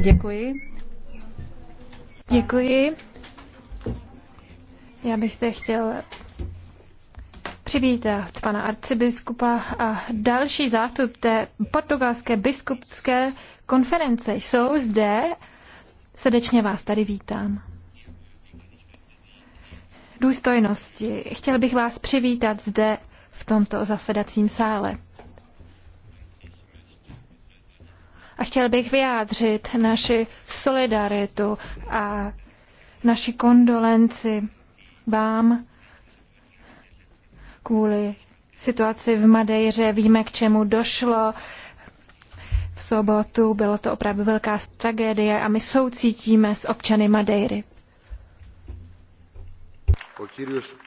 Děkuji. Děkuji. Já bych zde chtěl přivítat pana arcibiskupa a další zástupce portugalské biskupské konference. Jsou zde, srdečně vás tady vítám. Důstojnosti. Chtěl bych vás přivítat zde v tomto zasedacím sále. a chtěl bych vyjádřit naši solidaritu a naši kondolenci vám kvůli situaci v Madejře. Víme, k čemu došlo v sobotu. Bylo to opravdu velká tragédie a my soucítíme s občany Madejry.